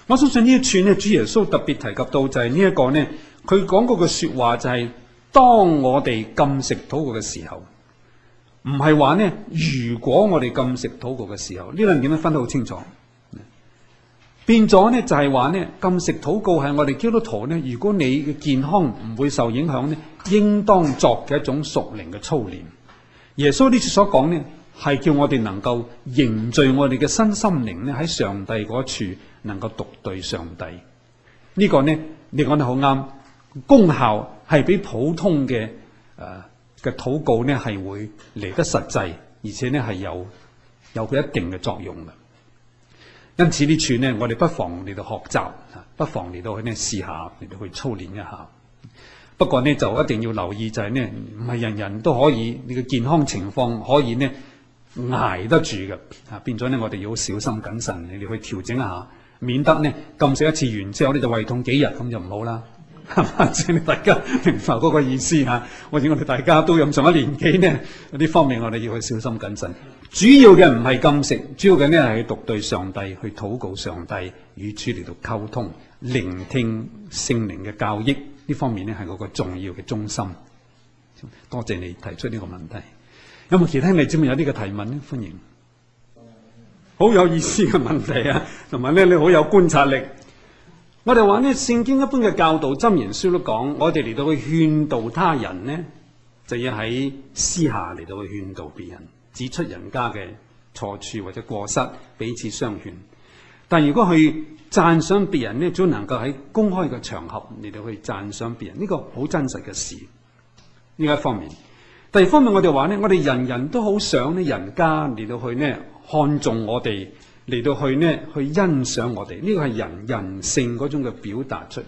我相信呢一串呢主耶穌特別提及到就係呢一個呢佢講過嘅說話就係、是，當我哋禁食禱告嘅時候。唔係話呢，如果我哋禁食禱告嘅時候，呢兩點都分得好清楚。變咗呢，就係、是、話呢禁食禱告係我哋基督徒呢如果你嘅健康唔會受影響呢應當作嘅一種屬靈嘅操練。耶穌呢次所講呢，係叫我哋能夠凝聚我哋嘅身心靈呢喺上帝嗰處能夠獨對上帝。呢、這個呢，你講得好啱，功效係比普通嘅誒。呃嘅禱告呢係會嚟得實際，而且呢係有有佢一定嘅作用嘅。因此呢處呢，我哋不妨嚟到學習，不妨嚟到去呢試下，嚟到去操練一下。不過呢，就一定要留意，就係呢唔係人人都可以，你嘅健康情況可以呢捱得住嘅。啊，變咗呢，我哋要小心謹慎，你哋去調整一下，免得呢，禁食一次完之後呢就胃痛幾日，咁就唔好啦。係。 <laughs> 大家明白嗰個意思吓、啊。我見我哋大家都咁上一年紀呢，呢方面我哋要去小心謹慎。主要嘅唔係禁食，主要嘅咧係要獨對上帝，去禱告上帝，與主嚟到溝通，聆聽聖靈嘅教益。呢方面咧係嗰個重要嘅中心。多謝你提出呢個問題。有冇其他弟兄有呢個呢嘅提問咧？歡迎。好有意思嘅問題啊！同埋咧，你好有觀察力。我哋話呢，聖經一般嘅教導、箴言書都講，我哋嚟到去勸導他人呢，就要喺私下嚟到去勸導別人，指出人家嘅錯處或者過失，彼此相勸。但如果去讚賞別人呢，總能夠喺公開嘅場合嚟到去讚賞別人，呢個好真實嘅事。呢一方面，第二方面我哋話呢，我哋人人都好想呢，人家嚟到去呢，看重我哋。嚟到去呢，去欣賞我哋呢個係人人性嗰種嘅表達出嚟。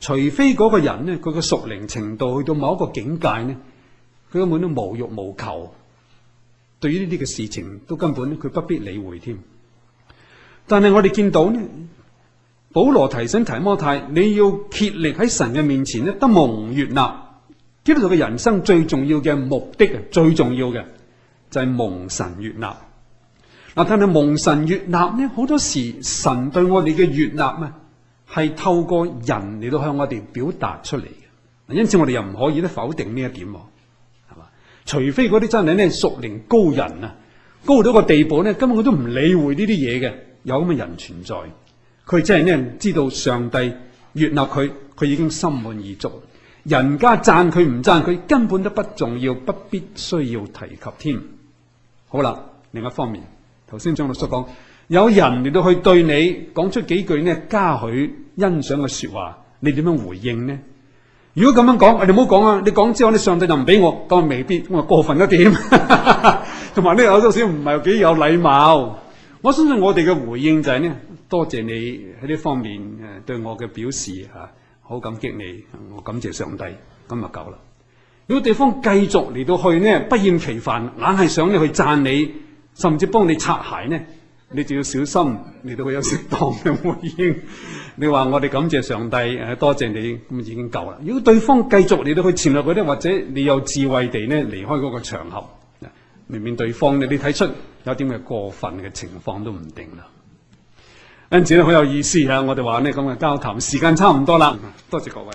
除非嗰個人呢，佢嘅屬靈程度去到某一個境界呢，佢根本都無欲無求，對於呢啲嘅事情都根本佢不必理會添。但係我哋見到呢，保羅提醒提摩太，你要竭力喺神嘅面前呢，得蒙悦納。基督徒嘅人生最重要嘅目的，最重要嘅就係蒙神悦納。嗱，睇嚟蒙神悅納咧，好多時神對我哋嘅悅納啊，係透過人嚟到向我哋表達出嚟嘅。因此我哋又唔可以咧否定呢一點，係嘛？除非嗰啲真係咧屬靈高人啊，高到一個地步咧，根本佢都唔理會呢啲嘢嘅。有咁嘅人存在，佢真係咧知道上帝悅納佢，佢已經心滿意足。人家讚佢唔讚佢，根本都不重要，不必需要提及添。好啦，另一方面。頭先張老叔講，有人嚟到去對你講出幾句呢嘉許、欣賞嘅說話，你點樣回應呢？如果咁樣講，你哋唔好講啊！你講之後，你上帝就唔俾我，當未必，我話過分一點。同埋呢，有少少唔係幾有禮貌。我相信我哋嘅回應就係呢：「多謝你喺呢方面誒對我嘅表示吓，好感激你，我感謝上帝。」咁就夠啦。如果呢個地方繼續嚟到去呢，不厭其煩，硬係想你去讚你，甚至幫你擦鞋呢？你就要小心，你都會有適當嘅回應。 <laughs> 你話我哋感謝上帝，誒多謝你咁已經夠啦。如果對方繼續你都去前度嗰啲，或者你有智慧地呢離開嗰個場合，避免對方你你睇出有啲咩過分嘅情況都唔定啦。因此咧好有意思啊！我哋話呢，咁嘅交談時間差唔多啦，多謝各位。